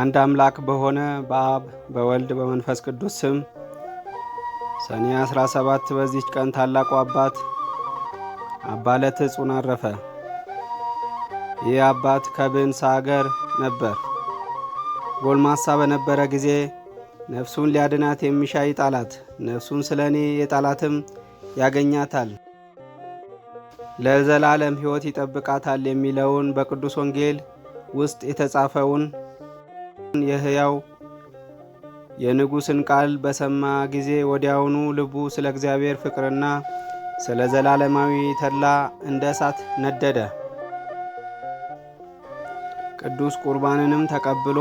አንድ አምላክ በሆነ በአብ በወልድ በመንፈስ ቅዱስ ስም ሰኔ 17 በዚች ቀን ታላቁ አባት አባ ለትጹን አረፈ። ይህ አባት ከብንስ አገር ነበር። ጎልማሳ በነበረ ጊዜ ነፍሱን ሊያድናት የሚሻ ይጣላት፣ ነፍሱን ስለ እኔ የጣላትም ያገኛታል፣ ለዘላለም ሕይወት ይጠብቃታል የሚለውን በቅዱስ ወንጌል ውስጥ የተጻፈውን የሕያው የንጉሥን ቃል በሰማ ጊዜ ወዲያውኑ ልቡ ስለ እግዚአብሔር ፍቅርና ስለ ዘላለማዊ ተድላ እንደ እሳት ነደደ። ቅዱስ ቁርባንንም ተቀብሎ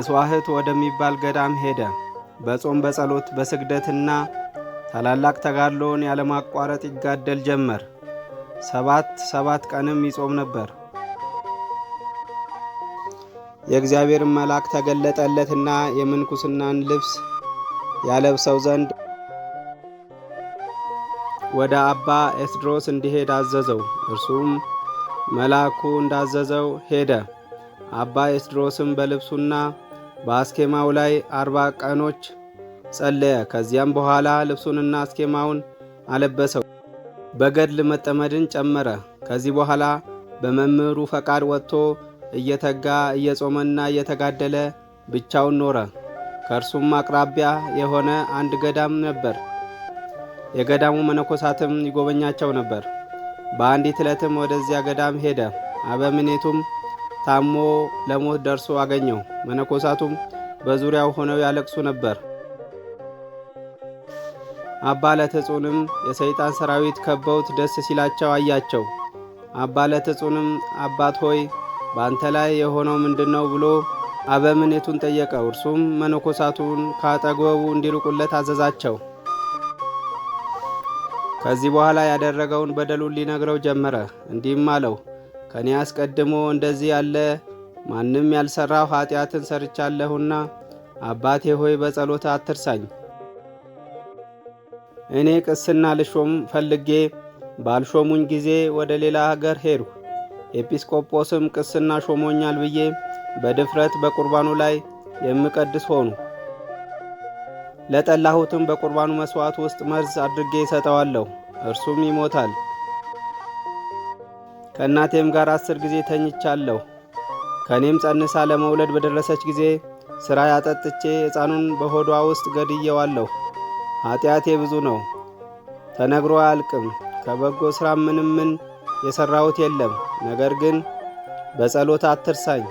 እስዋህት ወደሚባል ገዳም ሄደ። በጾም በጸሎት በስግደትና ታላላቅ ተጋድሎን ያለማቋረጥ ይጋደል ጀመር። ሰባት ሰባት ቀንም ይጾም ነበር። የእግዚአብሔርን መልአክ ተገለጠለትና የምንኩስናን ልብስ ያለብሰው ዘንድ ወደ አባ ኤስድሮስ እንዲሄድ አዘዘው። እርሱም መልአኩ እንዳዘዘው ሄደ። አባ ኤስድሮስም በልብሱና በአስኬማው ላይ አርባ ቀኖች ጸለየ። ከዚያም በኋላ ልብሱንና አስኬማውን አለበሰው፣ በገድል መጠመድን ጨመረ። ከዚህ በኋላ በመምህሩ ፈቃድ ወጥቶ እየተጋ እየጾመና እየተጋደለ ብቻውን ኖረ። ከእርሱም አቅራቢያ የሆነ አንድ ገዳም ነበር። የገዳሙ መነኮሳትም ይጎበኛቸው ነበር። በአንዲት ዕለትም ወደዚያ ገዳም ሄደ። አበምኔቱም ታሞ ለሞት ደርሶ አገኘው። መነኮሳቱም በዙሪያው ሆነው ያለቅሱ ነበር። አባ ለትጹንም የሰይጣን ሰራዊት ከበውት ደስ ሲላቸው አያቸው። አባ ለትጹንም አባት ሆይ በአንተ ላይ የሆነው ምንድን ነው ብሎ አበምኔቱን ጠየቀ። እርሱም መነኮሳቱን ካጠገቡ እንዲርቁለት አዘዛቸው። ከዚህ በኋላ ያደረገውን በደሉን ሊነግረው ጀመረ። እንዲህም አለው፣ ከእኔ አስቀድሞ እንደዚህ ያለ ማንም ያልሰራው ኃጢአትን ሰርቻለሁና አባቴ ሆይ በጸሎት አትርሳኝ። እኔ ቅስና ልሾም ፈልጌ ባልሾሙኝ ጊዜ ወደ ሌላ ሀገር ሄድሁ። ኤጲስቆጶስም ቅስና ሾሞኛል ብዬ በድፍረት በቁርባኑ ላይ የምቀድስ ሆኑ። ለጠላሁትም በቁርባኑ መሥዋዕት ውስጥ መርዝ አድርጌ ይሰጠዋለሁ እርሱም ይሞታል። ከእናቴም ጋር አስር ጊዜ ተኝቻለሁ። ከእኔም ጸንሳ ለመውለድ በደረሰች ጊዜ ሥራ ያጠጥቼ ሕፃኑን በሆዷ ውስጥ ገድየዋለሁ። ኀጢአቴ ብዙ ነው፣ ተነግሮ አያልቅም። ከበጎ ሥራ ምንም ምን የሠራሁት የለም። ነገር ግን በጸሎት አትርሳኝ፣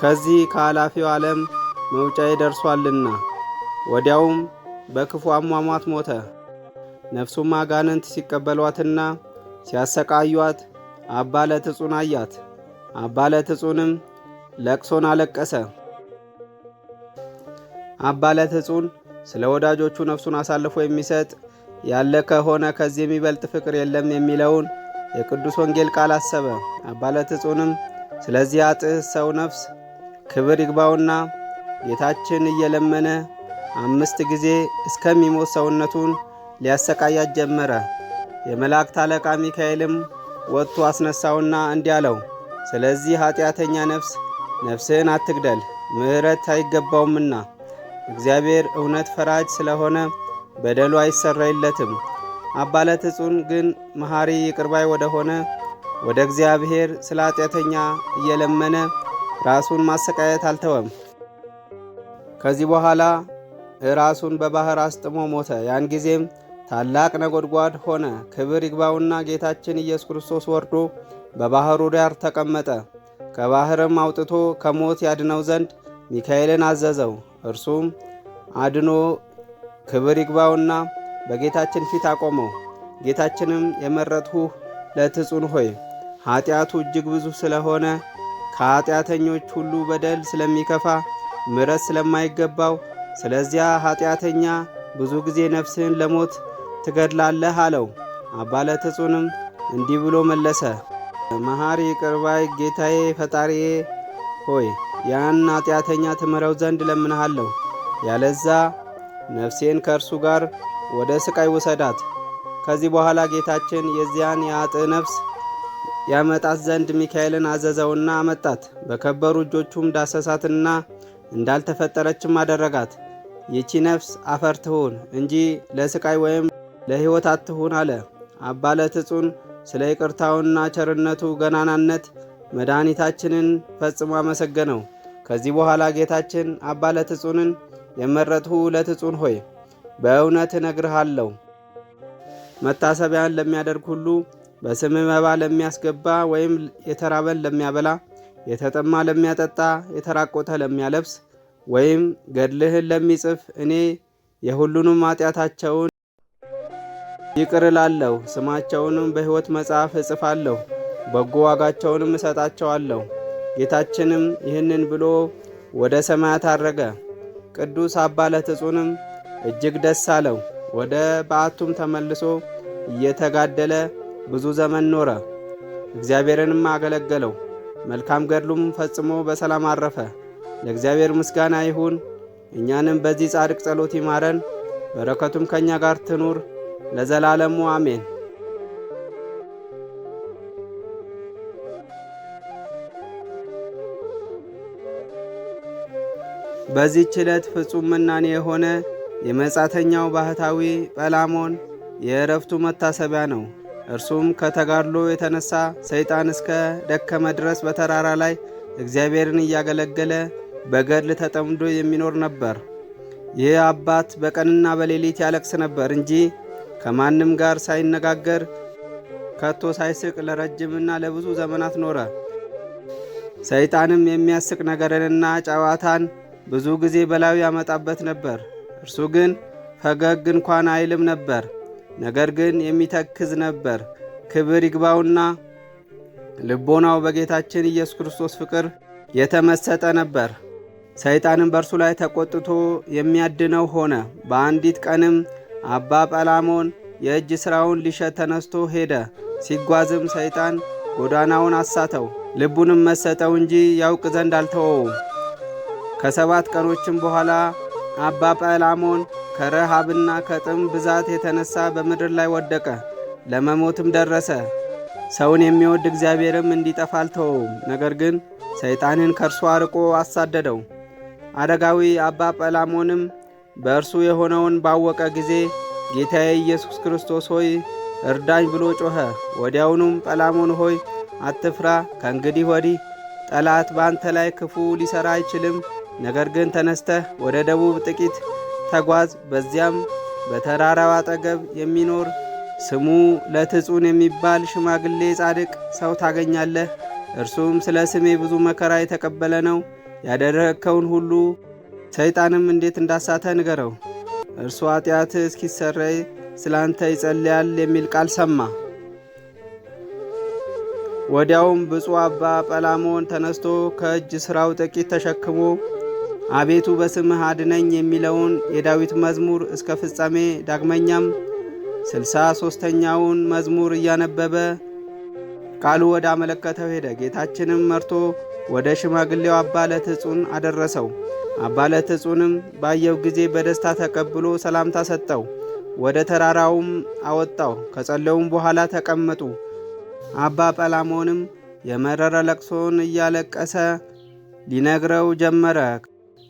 ከዚህ ከኃላፊው ዓለም መውጫዬ ደርሷልና። ወዲያውም በክፉ አሟሟት ሞተ። ነፍሱም አጋንንት ሲቀበሏትና ሲያሰቃዩአት አባ ለትጹን አያት። አባ ለትጹንም ለቅሶን አለቀሰ። አባ ለትጹን ስለ ወዳጆቹ ነፍሱን አሳልፎ የሚሰጥ ያለ ከሆነ ከዚህ የሚበልጥ ፍቅር የለም የሚለውን የቅዱስ ወንጌል ቃል አሰበ። አባለት ስለዚህ አጥህ ሰው ነፍስ ክብር ይግባውና ጌታችን እየለመነ አምስት ጊዜ እስከሚሞት ሰውነቱን ሊያሰቃያት ጀመረ። የመላእክት አለቃ ሚካኤልም ወጥቶ አስነሳውና እንዲህ አለው፣ ስለዚህ ኀጢአተኛ ነፍስ ነፍስህን አትግደል፣ ምሕረት አይገባውምና እግዚአብሔር እውነት ፈራጅ ስለሆነ በደሉ አይሰረይለትም። አባለት እጹን ግን መሐሪ ይቅርባይ ወደ ሆነ ወደ እግዚአብሔር ስለ ኃጢአተኛ እየለመነ ራሱን ማሰቃየት አልተወም። ከዚህ በኋላ ራሱን በባህር አስጥሞ ሞተ። ያን ጊዜም ታላቅ ነጎድጓድ ሆነ። ክብር ይግባውና ጌታችን ኢየሱስ ክርስቶስ ወርዶ በባህሩ ዳር ተቀመጠ። ከባህርም አውጥቶ ከሞት ያድነው ዘንድ ሚካኤልን አዘዘው። እርሱም አድኖ ክብር ይግባውና በጌታችን ፊት አቆመው። ጌታችንም የመረጥሁህ ለትጹን ሆይ ኀጢአቱ እጅግ ብዙ ስለሆነ ከኀጢአተኞች ሁሉ በደል ስለሚከፋ ምረት ስለማይገባው ስለዚያ ኀጢአተኛ ብዙ ጊዜ ነፍስህን ለሞት ትገድላለህ አለው። አባ ለትጹንም እንዲህ ብሎ መለሰ። መሐሪ ቅርባይ ጌታዬ ፈጣሪዬ ሆይ ያን ኀጢአተኛ ትምረው ዘንድ እለምንሃለሁ፣ ያለዛ ነፍሴን ከእርሱ ጋር ወደ ስቃይ ውሰዳት። ከዚህ በኋላ ጌታችን የዚያን የአጥ ነፍስ ያመጣት ዘንድ ሚካኤልን አዘዘውና አመጣት። በከበሩ እጆቹም ዳሰሳትና እንዳልተፈጠረችም አደረጋት። ይቺ ነፍስ አፈር ትሁን እንጂ ለስቃይ ወይም ለሕይወት አትሁን አለ። አባለት ለትጹን ስለ ይቅርታውና ቸርነቱ ገናናነት መድኃኒታችንን ፈጽሞ አመሰገነው። ከዚህ በኋላ ጌታችን አባለት ለትጹንን የመረጥሁ ለትጹን ሆይ በእውነት እነግርሃለሁ መታሰቢያን ለሚያደርግ ሁሉ በስምህ መባ ለሚያስገባ ወይም የተራበን ለሚያበላ፣ የተጠማ ለሚያጠጣ፣ የተራቆተ ለሚያለብስ ወይም ገድልህን ለሚጽፍ እኔ የሁሉንም ኃጢአታቸውን ይቅር እላለሁ፣ ስማቸውንም በሕይወት መጽሐፍ እጽፋለሁ፣ በጎ ዋጋቸውንም እሰጣቸዋለሁ። ጌታችንም ይህንን ብሎ ወደ ሰማያት አረገ። ቅዱስ አባ ለትጹንም እጅግ ደስ አለው። ወደ በዓቱም ተመልሶ እየተጋደለ ብዙ ዘመን ኖረ። እግዚአብሔርንም አገለገለው። መልካም ገድሉም ፈጽሞ በሰላም አረፈ። ለእግዚአብሔር ምስጋና ይሁን። እኛንም በዚህ ጻድቅ ጸሎት ይማረን፣ በረከቱም ከእኛ ጋር ትኑር ለዘላለሙ አሜን። በዚህች ዕለት ፍጹም ምናኔ የሆነ የመጻተኛው ባህታዊ ጰላሞን የእረፍቱ መታሰቢያ ነው። እርሱም ከተጋድሎ የተነሳ ሰይጣን እስከ ደከመ ድረስ በተራራ ላይ እግዚአብሔርን እያገለገለ በገድል ተጠምዶ የሚኖር ነበር። ይህ አባት በቀንና በሌሊት ያለቅስ ነበር እንጂ ከማንም ጋር ሳይነጋገር ከቶ ሳይስቅ ለረጅምና ለብዙ ዘመናት ኖረ። ሰይጣንም የሚያስቅ ነገርንና ጨዋታን ብዙ ጊዜ በላዩ ያመጣበት ነበር። እርሱ ግን ፈገግ እንኳን አይልም ነበር፣ ነገር ግን የሚተክዝ ነበር። ክብር ይግባውና ልቦናው በጌታችን ኢየሱስ ክርስቶስ ፍቅር የተመሰጠ ነበር። ሰይጣንም በእርሱ ላይ ተቆጥቶ የሚያድነው ሆነ። በአንዲት ቀንም አባ ጳላሞን የእጅ ሥራውን ሊሸት ተነስቶ ሄደ። ሲጓዝም ሰይጣን ጎዳናውን አሳተው፣ ልቡንም መሰጠው እንጂ ያውቅ ዘንድ አልተወውም። ከሰባት ቀኖችም በኋላ አባ ጳላሞን ከረሃብና ከጥም ብዛት የተነሳ በምድር ላይ ወደቀ፣ ለመሞትም ደረሰ። ሰውን የሚወድ እግዚአብሔርም እንዲጠፋ አልተወውም፣ ነገር ግን ሰይጣንን ከእርሱ አርቆ አሳደደው። አረጋዊ አባ ጳላሞንም በእርሱ የሆነውን ባወቀ ጊዜ ጌታዬ ኢየሱስ ክርስቶስ ሆይ እርዳኝ ብሎ ጮኸ። ወዲያውኑም ጳላሞን ሆይ አትፍራ፣ ከእንግዲህ ወዲህ ጠላት በአንተ ላይ ክፉ ሊሠራ አይችልም ነገር ግን ተነስተህ ወደ ደቡብ ጥቂት ተጓዝ። በዚያም በተራራው አጠገብ የሚኖር ስሙ ለትጹን የሚባል ሽማግሌ ጻድቅ ሰው ታገኛለህ። እርሱም ስለ ስሜ ብዙ መከራ የተቀበለ ነው። ያደረግከውን ሁሉ ሰይጣንም እንዴት እንዳሳተ ንገረው። እርሱ ኃጢአትህ እስኪሰረይ ስለ አንተ ይጸልያል የሚል ቃል ሰማ። ወዲያውም ብፁዕ አባ ጰላሞን ተነስቶ ከእጅ ሥራው ጥቂት ተሸክሞ አቤቱ በስምህ አድነኝ የሚለውን የዳዊት መዝሙር እስከ ፍጻሜ ዳግመኛም ስልሳ ሦስተኛውን መዝሙር እያነበበ ቃሉ ወደ አመለከተው ሄደ። ጌታችንም መርቶ ወደ ሽማግሌው አባለት ለትጹን አደረሰው። አባለት ለትጹንም ባየው ጊዜ በደስታ ተቀብሎ ሰላምታ ሰጠው። ወደ ተራራውም አወጣው። ከጸለዩም በኋላ ተቀመጡ። አባ ጰላሞንም የመረረ ለቅሶን እያለቀሰ ሊነግረው ጀመረ።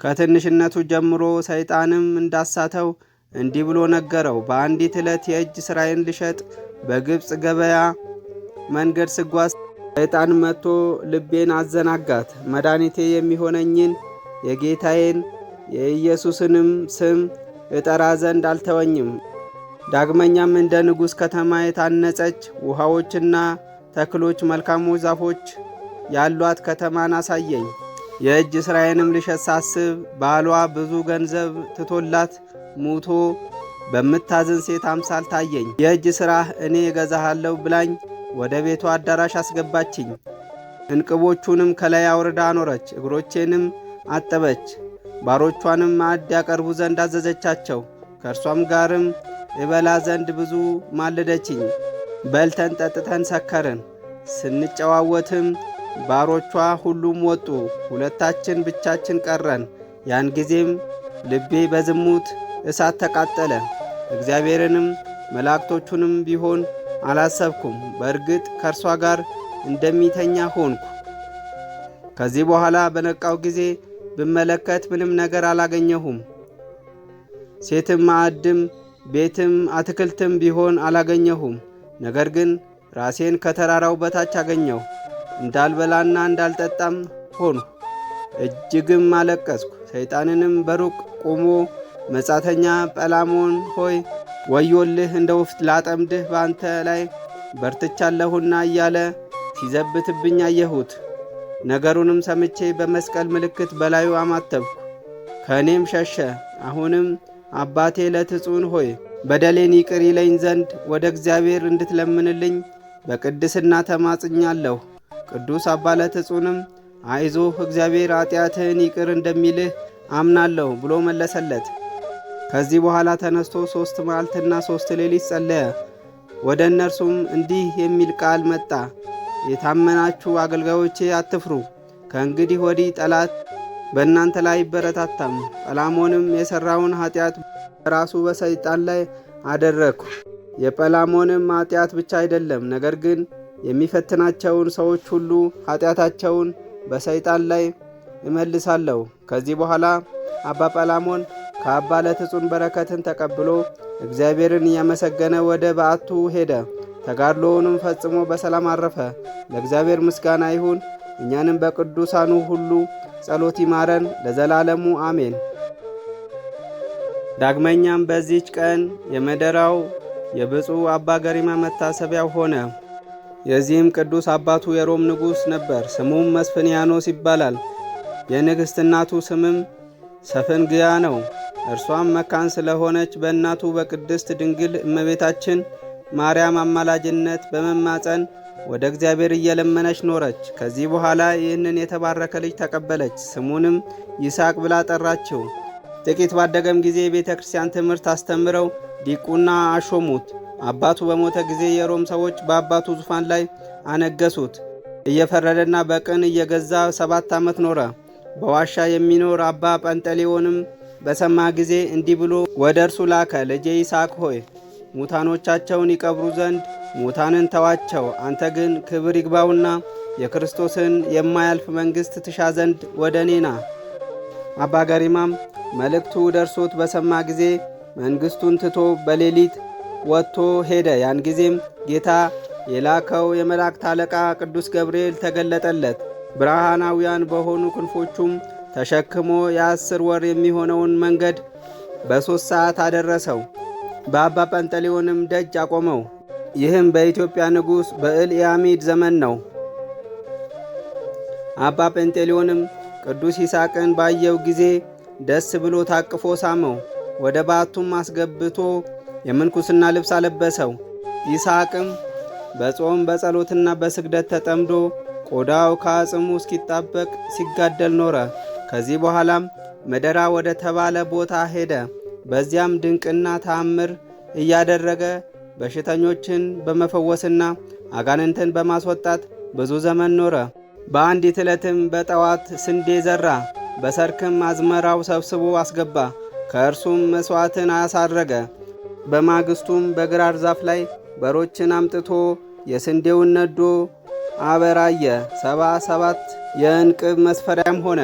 ከትንሽነቱ ጀምሮ ሰይጣንም እንዳሳተው እንዲህ ብሎ ነገረው። በአንዲት ዕለት የእጅ ሥራዬን ልሸጥ በግብፅ ገበያ መንገድ ስጓዝ ሰይጣን መጥቶ ልቤን አዘናጋት። መድኃኒቴ የሚሆነኝን የጌታዬን የኢየሱስንም ስም እጠራ ዘንድ አልተወኝም። ዳግመኛም እንደ ንጉሥ ከተማ የታነጸች ውሃዎችና ተክሎች መልካሞች ዛፎች ያሏት ከተማን አሳየኝ። የእጅ ሥራዬንም ልሸት ሳስብ ባሏ ብዙ ገንዘብ ትቶላት ሙቶ በምታዝን ሴት አምሳል ታየኝ። የእጅ ሥራህ እኔ እገዛሃለሁ ብላኝ ወደ ቤቷ አዳራሽ አስገባችኝ። እንቅቦቹንም ከላይ አውርዳ አኖረች፣ እግሮቼንም አጠበች። ባሮቿንም ማዕድ ያቀርቡ ዘንድ አዘዘቻቸው። ከእርሷም ጋርም እበላ ዘንድ ብዙ ማለደችኝ። በልተን ጠጥተን ሰከርን። ስንጨዋወትም ባሮቿ ሁሉም ወጡ፣ ሁለታችን ብቻችን ቀረን። ያን ጊዜም ልቤ በዝሙት እሳት ተቃጠለ። እግዚአብሔርንም መላእክቶቹንም ቢሆን አላሰብኩም። በእርግጥ ከእርሷ ጋር እንደሚተኛ ሆንኩ። ከዚህ በኋላ በነቃው ጊዜ ብመለከት ምንም ነገር አላገኘሁም። ሴትም ማዕድም፣ ቤትም አትክልትም ቢሆን አላገኘሁም። ነገር ግን ራሴን ከተራራው በታች አገኘሁ። እንዳልበላና እንዳልጠጣም ሆኑ እጅግም አለቀስኩ። ሰይጣንንም በሩቅ ቆሞ መጻተኛ ጰላሞን ሆይ ወዮልህ፣ እንደ ውፍት ላጠምድህ በአንተ ላይ በርትቻለሁና እያለ ሲዘብትብኝ አየሁት። ነገሩንም ሰምቼ በመስቀል ምልክት በላዩ አማተብኩ፣ ከእኔም ሸሸ። አሁንም አባቴ ለትጹን ሆይ በደሌን ይቅር ይለኝ ዘንድ ወደ እግዚአብሔር እንድትለምንልኝ በቅድስና ተማጽኛለሁ። ቅዱስ አባለትጹንም አይዞህ እግዚአብሔር ኃጢአትህን ይቅር እንደሚልህ አምናለሁ ብሎ መለሰለት። ከዚህ በኋላ ተነስቶ ሦስት መዓልትና ሦስት ሌሊት ጸለየ። ወደ እነርሱም እንዲህ የሚል ቃል መጣ። የታመናችሁ አገልጋዮቼ አትፍሩ። ከእንግዲህ ወዲህ ጠላት በእናንተ ላይ ይበረታታም። ጰላሞንም የሠራውን ኃጢአት በራሱ በሰይጣን ላይ አደረግኩ። የጰላሞንም ኃጢአት ብቻ አይደለም፣ ነገር ግን የሚፈትናቸውን ሰዎች ሁሉ ኃጢአታቸውን በሰይጣን ላይ እመልሳለሁ። ከዚህ በኋላ አባ ጳላሞን ከአባ ለትጹን በረከትን ተቀብሎ እግዚአብሔርን እያመሰገነ ወደ በዓቱ ሄደ። ተጋድሎውንም ፈጽሞ በሰላም አረፈ። ለእግዚአብሔር ምስጋና ይሁን። እኛንም በቅዱሳኑ ሁሉ ጸሎት ይማረን ለዘላለሙ አሜን። ዳግመኛም በዚች ቀን የመደራው የብፁዕ አባ ገሪማ መታሰቢያው ሆነ። የዚህም ቅዱስ አባቱ የሮም ንጉሥ ነበር። ስሙም መስፍንያኖስ ይባላል። የንግሥት እናቱ ስምም ሰፍንግያ ነው። እርሷም መካን ስለሆነች በእናቱ በቅድስት ድንግል እመቤታችን ማርያም አማላጅነት በመማፀን ወደ እግዚአብሔር እየለመነች ኖረች። ከዚህ በኋላ ይህንን የተባረከ ልጅ ተቀበለች። ስሙንም ይስሐቅ ብላ ጠራችው። ጥቂት ባደገም ጊዜ የቤተ ክርስቲያን ትምህርት አስተምረው ዲቁና አሾሙት። አባቱ በሞተ ጊዜ የሮም ሰዎች በአባቱ ዙፋን ላይ አነገሱት። እየፈረደና በቅን እየገዛ ሰባት ዓመት ኖረ። በዋሻ የሚኖር አባ ጰንጠሌዎንም በሰማ ጊዜ እንዲህ ብሎ ወደ እርሱ ላከ። ልጄ ይስሐቅ ሆይ ሙታኖቻቸውን ይቀብሩ ዘንድ ሙታንን ተዋቸው። አንተ ግን ክብር ይግባውና የክርስቶስን የማያልፍ መንግሥት ትሻ ዘንድ ወደ እኔ ና። አባ ገሪማም መልእክቱ ደርሶት በሰማ ጊዜ መንግሥቱን ትቶ በሌሊት ወጥቶ ሄደ። ያን ጊዜም ጌታ የላከው የመላእክት አለቃ ቅዱስ ገብርኤል ተገለጠለት። ብርሃናውያን በሆኑ ክንፎቹም ተሸክሞ የአስር ወር የሚሆነውን መንገድ በሦስት ሰዓት አደረሰው። በአባ ጰንጠሌዎንም ደጅ አቆመው። ይህም በኢትዮጵያ ንጉሥ በእልያሚድ ዘመን ነው። አባ ጴንጤሊዮንም ቅዱስ ይሳቅን ባየው ጊዜ ደስ ብሎ ታቅፎ ሳመው። ወደ ባቱም አስገብቶ የምንኩስና ልብስ አለበሰው። ይስሐቅም በጾም በጸሎትና በስግደት ተጠምዶ ቆዳው ከአጽሙ እስኪጣበቅ ሲጋደል ኖረ። ከዚህ በኋላም መደራ ወደ ተባለ ቦታ ሄደ። በዚያም ድንቅና ተአምር እያደረገ በሽተኞችን በመፈወስና አጋንንትን በማስወጣት ብዙ ዘመን ኖረ። በአንዲት ዕለትም በጠዋት ስንዴ ዘራ። በሰርክም አዝመራው ሰብስቦ አስገባ። ከእርሱም መሥዋዕትን አሳረገ። በማግስቱም በግራር ዛፍ ላይ በሮችን አምጥቶ የስንዴውን ነዶ አበራየ። ሰባ ሰባት የእንቅብ መስፈሪያም ሆነ።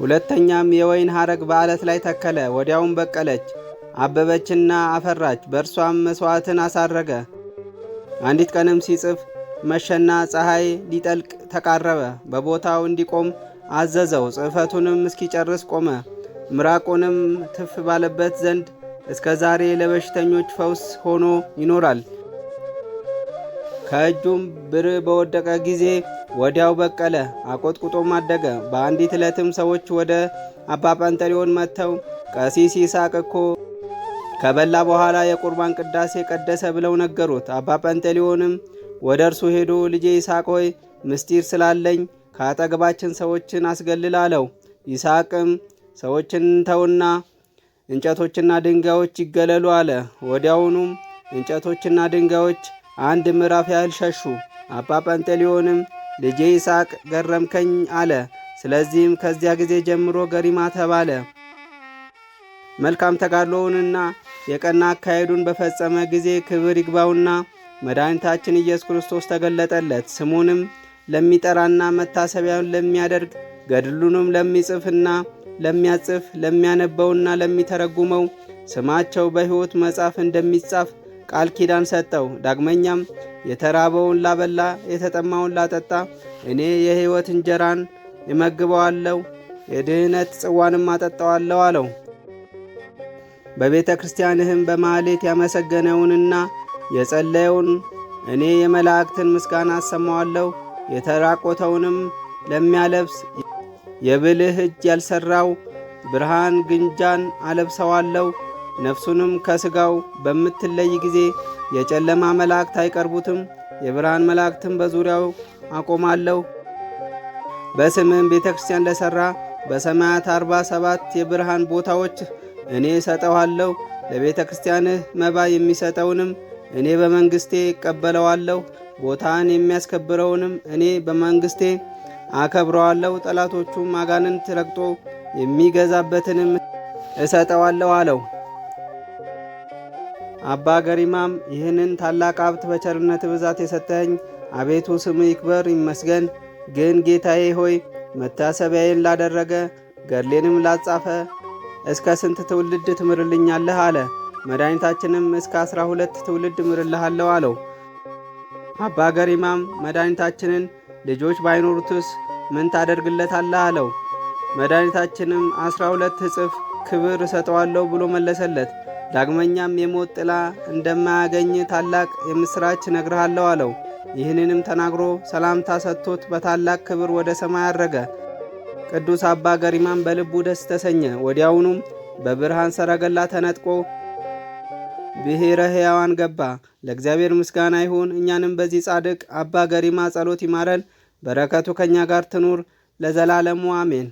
ሁለተኛም የወይን ሐረግ በዓለት ላይ ተከለ። ወዲያውም በቀለች፣ አበበችና አፈራች። በእርሷም መሥዋዕትን አሳረገ። አንዲት ቀንም ሲጽፍ መሸና ፀሐይ ሊጠልቅ ተቃረበ። በቦታው እንዲቆም አዘዘው። ጽሕፈቱንም እስኪጨርስ ቆመ። ምራቁንም ትፍ ባለበት ዘንድ እስከ ዛሬ ለበሽተኞች ፈውስ ሆኖ ይኖራል። ከእጁም ብር በወደቀ ጊዜ ወዲያው በቀለ፣ አቆጥቁጦም አደገ። በአንዲት ዕለትም ሰዎች ወደ አባ ጰንጠሌዎን መጥተው ቀሲስ ይስሐቅ እኮ ከበላ በኋላ የቁርባን ቅዳሴ ቀደሰ ብለው ነገሩት። አባ ጰንጠሌዎንም ወደ እርሱ ሄዶ ልጄ ይስሐቅ ሆይ ምስጢር ስላለኝ ከአጠገባችን ሰዎችን አስገልል አለው። ይስሐቅም ሰዎችን ተውና እንጨቶችና ድንጋዮች ይገለሉ አለ። ወዲያውኑም እንጨቶችና ድንጋዮች አንድ ምዕራፍ ያህል ሸሹ። አባ ጰንጤሊዮንም ልጄ ይስሐቅ ገረምከኝ አለ። ስለዚህም ከዚያ ጊዜ ጀምሮ ገሪማ ተባለ። መልካም ተጋድሎውንና የቀና አካሄዱን በፈጸመ ጊዜ ክብር ይግባውና መድኃኒታችን ኢየሱስ ክርስቶስ ተገለጠለት። ስሙንም ለሚጠራና መታሰቢያውን ለሚያደርግ ገድሉንም ለሚጽፍና ለሚያጽፍ ለሚያነበውና ለሚተረጉመው ስማቸው በሕይወት መጽሐፍ እንደሚጻፍ ቃል ኪዳን ሰጠው። ዳግመኛም የተራበውን ላበላ፣ የተጠማውን ላጠጣ እኔ የሕይወት እንጀራን እመግበዋለሁ፣ የድህነት ጽዋንም አጠጣዋለሁ አለው። በቤተ ክርስቲያንህም በማኅሌት ያመሰገነውንና የጸለየውን እኔ የመላእክትን ምስጋና አሰማዋለሁ የተራቆተውንም ለሚያለብስ የብልህ እጅ ያልሰራው ብርሃን ግንጃን አለብሰዋለሁ። ነፍሱንም ከሥጋው በምትለይ ጊዜ የጨለማ መላእክት አይቀርቡትም፣ የብርሃን መላእክትም በዙሪያው አቆማለሁ። በስምም ቤተ ክርስቲያን ለሠራ በሰማያት አርባ ሰባት የብርሃን ቦታዎች እኔ እሰጠዋለሁ። ለቤተ ክርስቲያንህ መባ የሚሰጠውንም እኔ በመንግሥቴ እቀበለዋለሁ። ቦታን የሚያስከብረውንም እኔ በመንግሥቴ አከብረዋለሁ፣ ጠላቶቹም አጋንንት ረግጦ የሚገዛበትንም እሰጠዋለሁ አለው። አባ ገሪማም ይህንን ታላቅ ሀብት በቸርነት ብዛት የሰጠኝ አቤቱ ስም ይክበር ይመስገን። ግን ጌታዬ ሆይ መታሰቢያዬን ላደረገ ገድሌንም ላጻፈ እስከ ስንት ትውልድ ትምርልኛለህ? አለ። መድኃኒታችንም እስከ አስራ ሁለት ትውልድ ምርልሃለሁ አለው። አባ ገሪማም መድኃኒታችንን ልጆች ባይኖሩትስ ምን ታደርግለታለህ አለው። መድኃኒታችንም አስራ ሁለት እጥፍ ክብር እሰጠዋለሁ ብሎ መለሰለት። ዳግመኛም የሞት ጥላ እንደማያገኝ ታላቅ የምሥራች እነግርሃለሁ አለው። ይህንንም ተናግሮ ሰላምታ ሰጥቶት በታላቅ ክብር ወደ ሰማይ አረገ። ቅዱስ አባ ገሪማን በልቡ ደስ ተሰኘ። ወዲያውኑም በብርሃን ሰረገላ ተነጥቆ ብሔረ ሕያዋን ገባ። ለእግዚአብሔር ምስጋና ይሁን። እኛንም በዚህ ጻድቅ አባ ገሪማ ጸሎት ይማረን። በረከቱ ከእኛ ጋር ትኑር ለዘላለሙ አሜን።